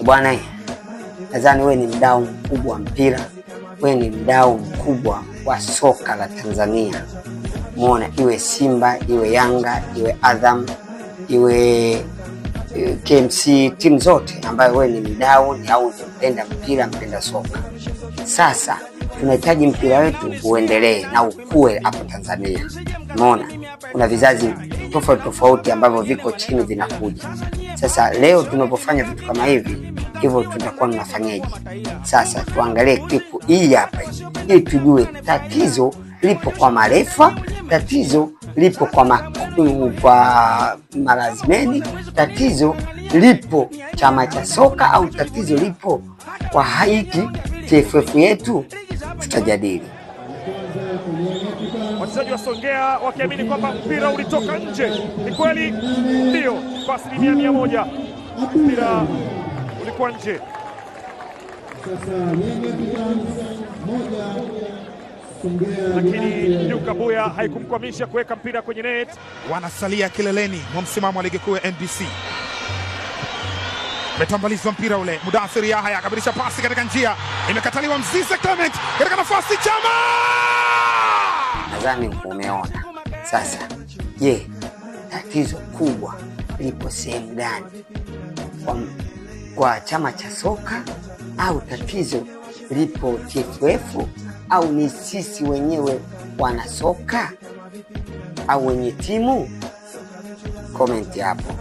Bwana, nadhani wewe ni mdau mkubwa wa mpira, wewe ni mdau mkubwa wa soka la Tanzania. Muona iwe Simba iwe Yanga iwe Azam iwe eh, KMC, timu zote ambayo wewe ni mdau au mpenda mpira mpenda soka. Sasa tunahitaji mpira wetu uendelee na ukue hapo Tanzania. Umeona kuna vizazi tofauti tofauti ambavyo viko chini vinakuja sasa leo tunapofanya vitu kama hivi hivyo, tutakuwa tunafanyaje? Sasa tuangalie kipu hii hapa, ili tujue tatizo lipo kwa marefa, tatizo lipo kwa kwa malazimeni, tatizo lipo chama cha soka au tatizo lipo kwa haiki TFF yetu, tutajadili. Wachezaji wa Songea wakiamini kwamba mpira ulitoka nje. Ni kweli, ndiyo, kwa asilimia mia moja mpira ulikuwa nje. Lakini Luka Buya haikumkwamisha kuweka mpira kwenye net. Wanasalia kileleni mwa msimamo wa ligi kuu ya NBC. metambalizwa mpira ule, Mudathir Yahya akabadilisha pasi katika njia, imekataliwa. Mzize Clement katika nafasi, Chama nadhani umeona. Sasa je, tatizo kubwa lipo sehemu gani? Kwa, kwa chama cha soka au tatizo lipo TFF au ni sisi wenyewe wanasoka au wenye timu? Komenti hapo.